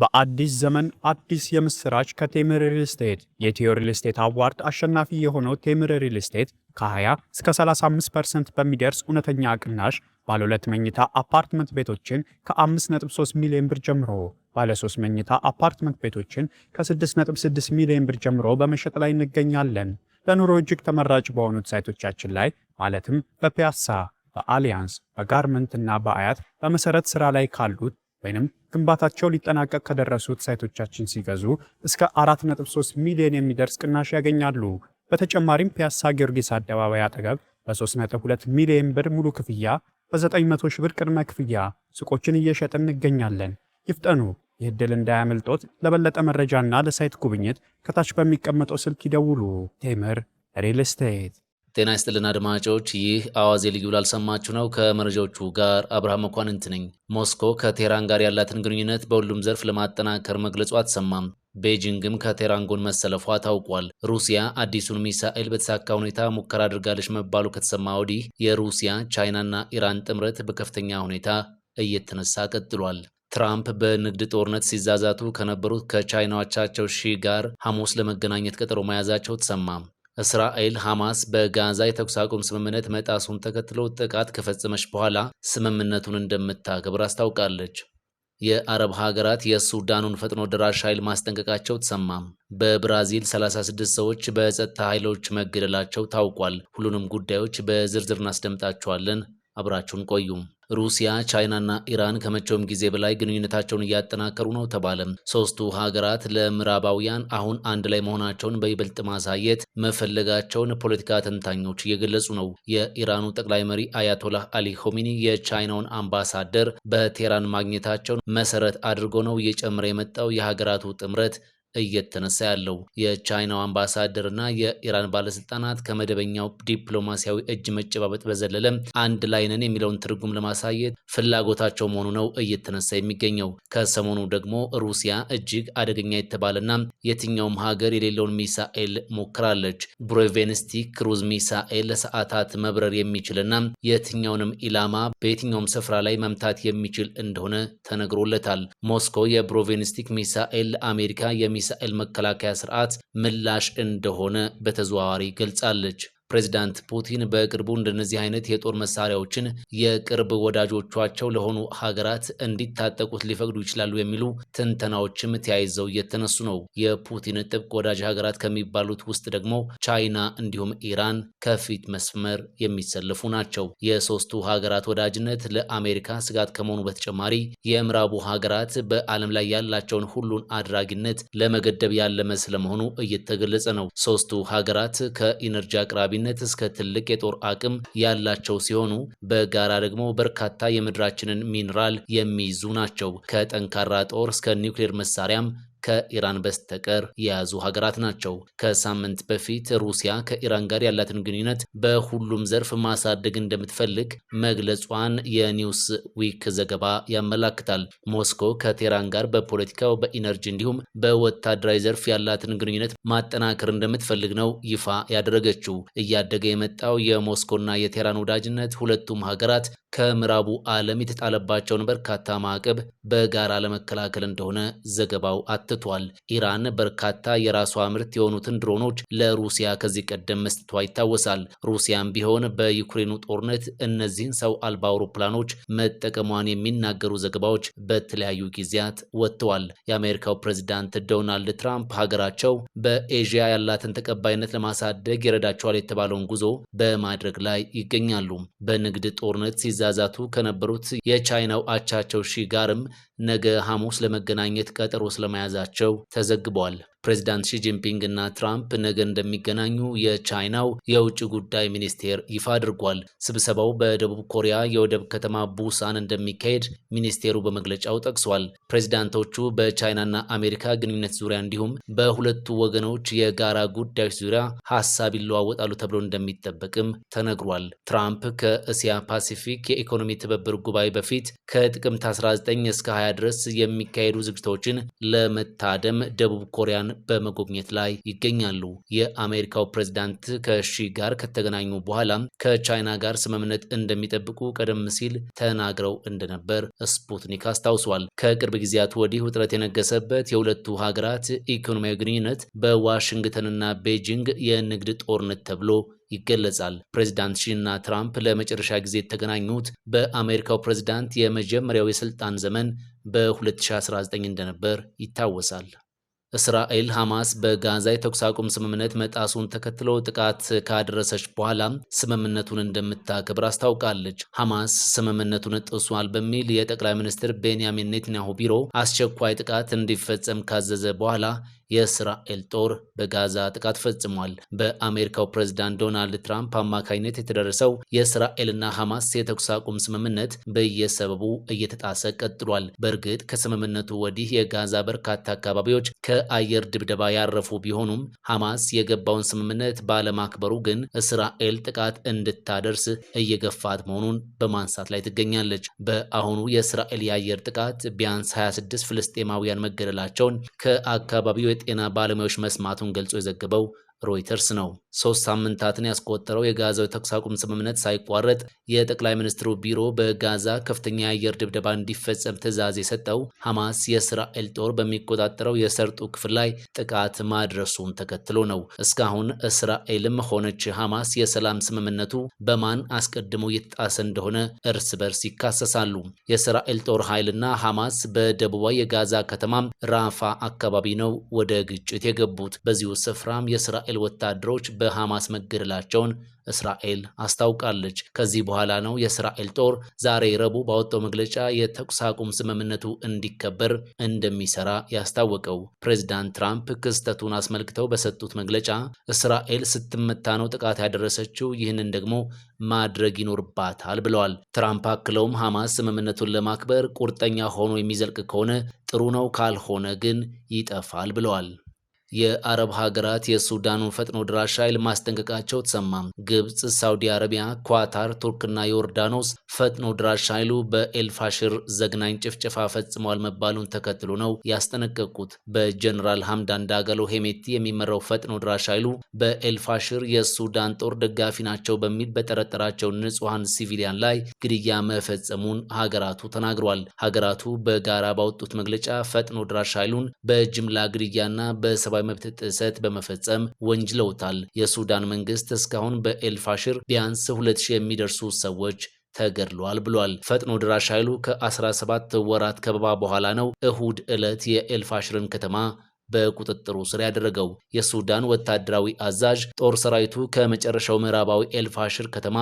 በአዲስ ዘመን አዲስ የምስራች ከቴምር ሪል ስቴት የቴዮ ሪል ስቴት አዋርድ አሸናፊ የሆነው ቴምር ሪል ስቴት ከ20 እስከ 35% በሚደርስ እውነተኛ ቅናሽ ባለ ሁለት መኝታ አፓርትመንት ቤቶችን ከ5.3 ሚሊዮን ብር ጀምሮ ባለ 3 መኝታ አፓርትመንት ቤቶችን ከ6.6 ሚሊዮን ብር ጀምሮ በመሸጥ ላይ እንገኛለን። ለኑሮ እጅግ ተመራጭ በሆኑት ሳይቶቻችን ላይ ማለትም በፒያሳ፣ በአሊያንስ፣ በጋርመንት እና በአያት በመሰረት ስራ ላይ ካሉት ወይም ግንባታቸው ሊጠናቀቅ ከደረሱት ሳይቶቻችን ሲገዙ እስከ 4.3 ሚሊዮን የሚደርስ ቅናሽ ያገኛሉ። በተጨማሪም ፒያሳ ጊዮርጊስ አደባባይ አጠገብ በ3.2 ሚሊዮን ብር ሙሉ ክፍያ፣ በ900 ሺህ ብር ቅድመ ክፍያ ሱቆችን እየሸጥ እንገኛለን። ይፍጠኑ! ይህ ዕድል እንዳያመልጦት። ለበለጠ መረጃና ለሳይት ጉብኝት ከታች በሚቀመጠው ስልክ ይደውሉ። ቴምር ሪል ስቴት ጤና ይስጥልን አድማጮች፣ ይህ አዋዜ ልዩ ላልሰማችሁ ነው። ከመረጃዎቹ ጋር አብርሃም መኳንንት ነኝ። ሞስኮ ከቴህራን ጋር ያላትን ግንኙነት በሁሉም ዘርፍ ለማጠናከር መግለጹ አትሰማም። ቤጂንግም ከቴህራን ጎን መሰለፏ ታውቋል። ሩሲያ አዲሱን ሚሳኤል በተሳካ ሁኔታ ሙከራ አድርጋለች መባሉ ከተሰማ ወዲህ የሩሲያ ቻይናና ኢራን ጥምረት በከፍተኛ ሁኔታ እየተነሳ ቀጥሏል። ትራምፕ በንግድ ጦርነት ሲዛዛቱ ከነበሩት ከቻይናዎቻቸው ሺ ጋር ሐሙስ ለመገናኘት ቀጠሮ መያዛቸው ተሰማም። እስራኤል ሐማስ በጋዛ የተኩስ አቁም ስምምነት መጣሱን ተከትሎ ጥቃት ከፈጸመች በኋላ ስምምነቱን እንደምታከብር አስታውቃለች። የአረብ ሀገራት የሱዳኑን ፈጥኖ ደራሽ ኃይል ማስጠንቀቃቸው ተሰማም። በብራዚል 36 ሰዎች በጸጥታ ኃይሎች መገደላቸው ታውቋል። ሁሉንም ጉዳዮች በዝርዝር እናስደምጣቸዋለን። አብራችሁን ቆዩ። ሩሲያ ቻይናና ኢራን ከመቼውም ጊዜ በላይ ግንኙነታቸውን እያጠናከሩ ነው ተባለ። ሶስቱ ሀገራት ለምዕራባውያን አሁን አንድ ላይ መሆናቸውን በይበልጥ ማሳየት መፈለጋቸውን ፖለቲካ ተንታኞች እየገለጹ ነው። የኢራኑ ጠቅላይ መሪ አያቶላህ አሊ ሆሚኒ የቻይናውን አምባሳደር በቴህራን ማግኘታቸውን መሰረት አድርጎ ነው እየጨመረ የመጣው የሀገራቱ ጥምረት እየተነሳ ያለው የቻይናው አምባሳደር እና የኢራን ባለስልጣናት ከመደበኛው ዲፕሎማሲያዊ እጅ መጨባበጥ በዘለለ አንድ ላይ ነን የሚለውን ትርጉም ለማሳየት ፍላጎታቸው መሆኑ ነው እየተነሳ የሚገኘው። ከሰሞኑ ደግሞ ሩሲያ እጅግ አደገኛ የተባለና የትኛውም ሀገር የሌለውን ሚሳኤል ሞክራለች። ብሮቬንስቲ ክሩዝ ሚሳኤል ለሰዓታት መብረር የሚችልና የትኛውንም ኢላማ በየትኛውም ስፍራ ላይ መምታት የሚችል እንደሆነ ተነግሮለታል። ሞስኮ የብሮቬንስቲክ ሚሳኤል ለአሜሪካ የሚ የእስራኤል መከላከያ ስርዓት ምላሽ እንደሆነ በተዘዋዋሪ ገልጻለች። ፕሬዚዳንት ፑቲን በቅርቡ እንደነዚህ አይነት የጦር መሳሪያዎችን የቅርብ ወዳጆቻቸው ለሆኑ ሀገራት እንዲታጠቁት ሊፈቅዱ ይችላሉ የሚሉ ትንተናዎችም ተያይዘው እየተነሱ ነው። የፑቲን ጥብቅ ወዳጅ ሀገራት ከሚባሉት ውስጥ ደግሞ ቻይና እንዲሁም ኢራን ከፊት መስመር የሚሰልፉ ናቸው። የሶስቱ ሀገራት ወዳጅነት ለአሜሪካ ስጋት ከመሆኑ በተጨማሪ የምዕራቡ ሀገራት በዓለም ላይ ያላቸውን ሁሉን አድራጊነት ለመገደብ ያለመ ስለመሆኑ እየተገለጸ ነው። ሶስቱ ሀገራት ከኢነርጂ አቅራቢ ተዋጊነት እስከ ትልቅ የጦር አቅም ያላቸው ሲሆኑ በጋራ ደግሞ በርካታ የምድራችንን ሚኒራል የሚይዙ ናቸው። ከጠንካራ ጦር እስከ ኒውክሌር መሳሪያም ከኢራን በስተቀር የያዙ ሀገራት ናቸው። ከሳምንት በፊት ሩሲያ ከኢራን ጋር ያላትን ግንኙነት በሁሉም ዘርፍ ማሳደግ እንደምትፈልግ መግለጿን የኒውስ ዊክ ዘገባ ያመላክታል። ሞስኮ ከቴህራን ጋር በፖለቲካው፣ በኢነርጂ እንዲሁም በወታደራዊ ዘርፍ ያላትን ግንኙነት ማጠናከር እንደምትፈልግ ነው ይፋ ያደረገችው። እያደገ የመጣው የሞስኮና የቴህራን ወዳጅነት ሁለቱም ሀገራት ከምዕራቡ ዓለም የተጣለባቸውን በርካታ ማዕቀብ በጋራ ለመከላከል እንደሆነ ዘገባው አ አትቷል። ኢራን በርካታ የራሷ ምርት የሆኑትን ድሮኖች ለሩሲያ ከዚህ ቀደም መስጠቷ ይታወሳል። ሩሲያም ቢሆን በዩክሬኑ ጦርነት እነዚህን ሰው አልባ አውሮፕላኖች መጠቀሟን የሚናገሩ ዘገባዎች በተለያዩ ጊዜያት ወጥተዋል። የአሜሪካው ፕሬዚዳንት ዶናልድ ትራምፕ ሀገራቸው በኤዥያ ያላትን ተቀባይነት ለማሳደግ ይረዳቸዋል የተባለውን ጉዞ በማድረግ ላይ ይገኛሉ። በንግድ ጦርነት ሲዛዛቱ ከነበሩት የቻይናው አቻቸው ሺ ጋርም ነገ ሐሙስ ለመገናኘት ቀጠሮ ስለመያዛቸው ተዘግቧል። ፕሬዚዳንት ሺጂንፒንግ እና ትራምፕ ነገ እንደሚገናኙ የቻይናው የውጭ ጉዳይ ሚኒስቴር ይፋ አድርጓል። ስብሰባው በደቡብ ኮሪያ የወደብ ከተማ ቡሳን እንደሚካሄድ ሚኒስቴሩ በመግለጫው ጠቅሷል። ፕሬዚዳንቶቹ በቻይናና አሜሪካ ግንኙነት ዙሪያ እንዲሁም በሁለቱ ወገኖች የጋራ ጉዳዮች ዙሪያ ሀሳብ ይለዋወጣሉ ተብሎ እንደሚጠበቅም ተነግሯል። ትራምፕ ከእስያ ፓሲፊክ የኢኮኖሚ ትብብር ጉባኤ በፊት ከጥቅምት 19 እስከ 20 ድረስ የሚካሄዱ ዝግጅቶችን ለመታደም ደቡብ ኮሪያን ስፍራን በመጎብኘት ላይ ይገኛሉ። የአሜሪካው ፕሬዝዳንት ከሺ ጋር ከተገናኙ በኋላም ከቻይና ጋር ስምምነት እንደሚጠብቁ ቀደም ሲል ተናግረው እንደነበር ስፑትኒክ አስታውሷል። ከቅርብ ጊዜያት ወዲህ ውጥረት የነገሰበት የሁለቱ ሀገራት ኢኮኖሚያዊ ግንኙነት በዋሽንግተንና ቤጂንግ የንግድ ጦርነት ተብሎ ይገለጻል። ፕሬዚዳንት ሺና ትራምፕ ለመጨረሻ ጊዜ የተገናኙት በአሜሪካው ፕሬዚዳንት የመጀመሪያው የስልጣን ዘመን በ2019 እንደነበር ይታወሳል። እስራኤል ሐማስ በጋዛ የተኩስ አቁም ስምምነት መጣሱን ተከትሎ ጥቃት ካደረሰች በኋላ ስምምነቱን እንደምታከብር አስታውቃለች። ሐማስ ስምምነቱን ጥሷል በሚል የጠቅላይ ሚኒስትር ቤንያሚን ኔትንያሁ ቢሮ አስቸኳይ ጥቃት እንዲፈጸም ካዘዘ በኋላ የእስራኤል ጦር በጋዛ ጥቃት ፈጽሟል። በአሜሪካው ፕሬዝዳንት ዶናልድ ትራምፕ አማካኝነት የተደረሰው የእስራኤልና ሐማስ የተኩስ አቁም ስምምነት በየሰበቡ እየተጣሰ ቀጥሏል። በእርግጥ ከስምምነቱ ወዲህ የጋዛ በርካታ አካባቢዎች ከአየር ድብደባ ያረፉ ቢሆኑም ሐማስ የገባውን ስምምነት ባለማክበሩ ግን እስራኤል ጥቃት እንድታደርስ እየገፋት መሆኑን በማንሳት ላይ ትገኛለች። በአሁኑ የእስራኤል የአየር ጥቃት ቢያንስ 26 ፍልስጤማውያን መገደላቸውን ከአካባቢው የጤና ባለሙያዎች መስማቱን ገልጾ የዘገበው ሮይተርስ ነው። ሶስት ሳምንታትን ያስቆጠረው የጋዛው የተኩስ አቁም ስምምነት ሳይቋረጥ የጠቅላይ ሚኒስትሩ ቢሮ በጋዛ ከፍተኛ የአየር ድብደባ እንዲፈጸም ትዕዛዝ የሰጠው ሐማስ የእስራኤል ጦር በሚቆጣጠረው የሰርጡ ክፍል ላይ ጥቃት ማድረሱን ተከትሎ ነው። እስካሁን እስራኤልም ሆነች ሐማስ የሰላም ስምምነቱ በማን አስቀድሞ የተጣሰ እንደሆነ እርስ በርስ ይካሰሳሉ። የእስራኤል ጦር ኃይልና ሐማስ በደቡባዊ የጋዛ ከተማም ራፋ አካባቢ ነው ወደ ግጭት የገቡት። በዚሁ ስፍራም የእስራኤል ወታደሮች በ በሐማስ መገደላቸውን እስራኤል አስታውቃለች። ከዚህ በኋላ ነው የእስራኤል ጦር ዛሬ ረቡዕ ባወጣው መግለጫ የተኩስ አቁም ስምምነቱ እንዲከበር እንደሚሰራ ያስታወቀው። ፕሬዚዳንት ትራምፕ ክስተቱን አስመልክተው በሰጡት መግለጫ እስራኤል ስትመታ ነው ጥቃት ያደረሰችው፣ ይህንን ደግሞ ማድረግ ይኖርባታል ብለዋል። ትራምፕ አክለውም ሐማስ ስምምነቱን ለማክበር ቁርጠኛ ሆኖ የሚዘልቅ ከሆነ ጥሩ ነው፣ ካልሆነ ግን ይጠፋል ብለዋል። የአረብ ሀገራት የሱዳኑን ፈጥኖ ድራሽ ኃይል ማስጠንቀቃቸው ተሰማም። ግብፅ፣ ሳውዲ አረቢያ፣ ኳታር፣ ቱርክና ዮርዳኖስ ፈጥኖ ድራሽ ኃይሉ በኤልፋሽር ዘግናኝ ጭፍጨፋ ፈጽመዋል መባሉን ተከትሎ ነው ያስጠነቀቁት። በጀኔራል ሀምዳን ዳገሎ ሄሜቲ የሚመራው ፈጥኖ ድራሽ ኃይሉ በኤልፋሽር የሱዳን ጦር ደጋፊ ናቸው በሚል በጠረጠራቸው ንጹሐን ሲቪሊያን ላይ ግድያ መፈጸሙን ሀገራቱ ተናግሯል። ሀገራቱ በጋራ ባወጡት መግለጫ ፈጥኖ ድራሽ ኃይሉን በጅምላ ግድያና በሰባ የሰብአዊ መብት ጥሰት በመፈጸም ወንጅለውታል። የሱዳን መንግስት እስካሁን በኤልፋሽር ቢያንስ 2000 የሚደርሱ ሰዎች ተገድሏል ብሏል። ፈጥኖ ድራሽ ኃይሉ ከ17 ወራት ከበባ በኋላ ነው እሁድ ዕለት የኤልፋሽርን ከተማ በቁጥጥሩ ስር ያደረገው። የሱዳን ወታደራዊ አዛዥ ጦር ሰራዊቱ ከመጨረሻው ምዕራባዊ ኤልፋሽር ከተማ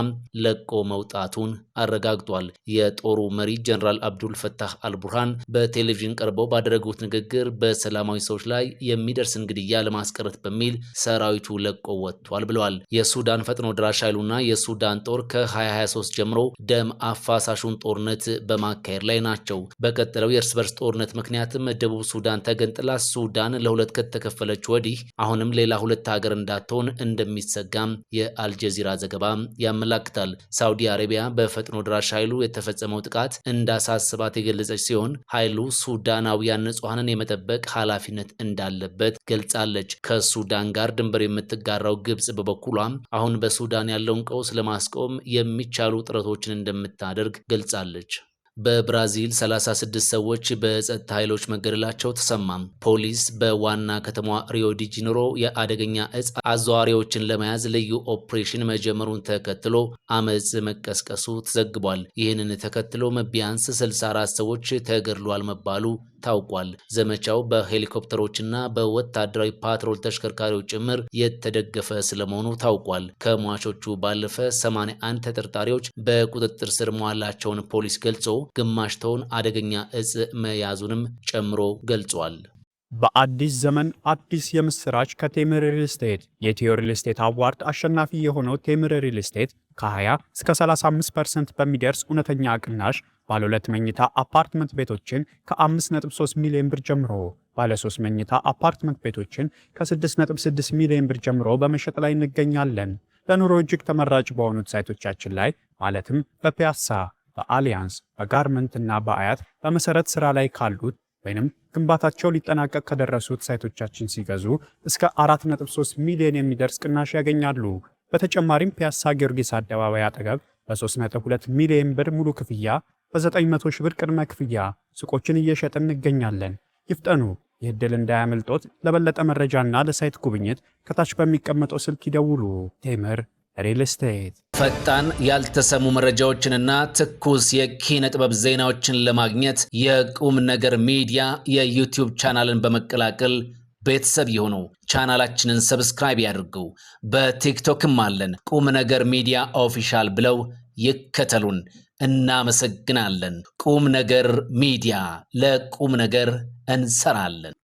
ለቆ መውጣቱን አረጋግጧል። የጦሩ መሪ ጀነራል አብዱል ፈታህ አልቡርሃን በቴሌቪዥን ቀርበው ባደረጉት ንግግር በሰላማዊ ሰዎች ላይ የሚደርስ እንግድያ ለማስቀረት በሚል ሰራዊቱ ለቆ ወጥቷል ብለዋል። የሱዳን ፈጥኖ ድራሽ ኃይሉና የሱዳን ጦር ከ2023 ጀምሮ ደም አፋሳሹን ጦርነት በማካሄድ ላይ ናቸው። በቀጠለው የእርስ በርስ ጦርነት ምክንያትም ደቡብ ሱዳን ተገንጥላ ሱዳን ለሁለት ከተከፈለች ወዲህ አሁንም ሌላ ሁለት ሀገር እንዳትሆን እንደሚሰጋም የአልጀዚራ ዘገባ ያመላክታል። ሳውዲ አረቢያ በፈጥኖ ድራሽ ኃይሉ የተፈጸመው ጥቃት እንዳሳስባት የገለጸች ሲሆን ኃይሉ ሱዳናውያን ንጹሐንን የመጠበቅ ኃላፊነት እንዳለበት ገልጻለች። ከሱዳን ጋር ድንበር የምትጋራው ግብጽ በበኩሏ አሁን በሱዳን ያለውን ቀውስ ለማስቆም የሚቻሉ ጥረቶችን እንደምታደርግ ገልጻለች። በብራዚል 36 ሰዎች በጸጥታ ኃይሎች መገደላቸው ተሰማ። ፖሊስ በዋና ከተማዋ ሪዮ ዲ የአደገኛ እጽ አዘዋሪዎችን ለመያዝ ልዩ ኦፕሬሽን መጀመሩን ተከትሎ አመፅ መቀስቀሱ ተዘግቧል። ይህንን ተከትሎም ቢያንስ 64 ሰዎች ተገድሏል መባሉ ታውቋል። ዘመቻው በሄሊኮፕተሮችና በወታደራዊ ፓትሮል ተሽከርካሪዎች ጭምር የተደገፈ ስለመሆኑ ታውቋል። ከሟቾቹ ባለፈ 81 ተጠርጣሪዎች በቁጥጥር ስር መዋላቸውን ፖሊስ ገልጾ ግማሽተውን አደገኛ እጽ መያዙንም ጨምሮ ገልጿል። በአዲስ ዘመን አዲስ የምስራች ከቴምር ሪል ስቴት የቴዎሪ ሪል ስቴት አዋርድ አሸናፊ የሆነው ቴምር ሪል ስቴት ከ20 እስከ 35% በሚደርስ እውነተኛ ቅናሽ ባለ ሁለት መኝታ አፓርትመንት ቤቶችን ከ5.3 ሚሊዮን ብር ጀምሮ ባለ 3 መኝታ አፓርትመንት ቤቶችን ከ6.6 ሚሊዮን ብር ጀምሮ በመሸጥ ላይ እንገኛለን። ለኑሮ እጅግ ተመራጭ በሆኑት ሳይቶቻችን ላይ ማለትም በፒያሳ፣ በአሊያንስ፣ በጋርመንት እና በአያት በመሰረት ስራ ላይ ካሉት ወይንም ግንባታቸው ሊጠናቀቅ ከደረሱት ሳይቶቻችን ሲገዙ እስከ 4.3 ሚሊዮን የሚደርስ ቅናሽ ያገኛሉ። በተጨማሪም ፒያሳ ጊዮርጊስ አደባባይ አጠገብ በ3.2 ሚሊዮን ብር ሙሉ ክፍያ በ900 ሺህ ብር ቅድመ ክፍያ ሱቆችን እየሸጥ እንገኛለን። ይፍጠኑ! ይህ ዕድል እንዳያመልጦት። ለበለጠ መረጃና ለሳይት ጉብኝት ከታች በሚቀመጠው ስልክ ይደውሉ። ቴምር ሪል ስቴት። ፈጣን ያልተሰሙ መረጃዎችንና ትኩስ የኪነ ጥበብ ዜናዎችን ለማግኘት የቁም ነገር ሚዲያ የዩቲዩብ ቻናልን በመቀላቀል ቤተሰብ የሆኑ ቻናላችንን ሰብስክራይብ ያድርጉ። በቲክቶክም አለን። ቁም ነገር ሚዲያ ኦፊሻል ብለው ይከተሉን። እናመሰግናለን። ቁም ነገር ሚዲያ ለቁም ነገር እንሰራለን።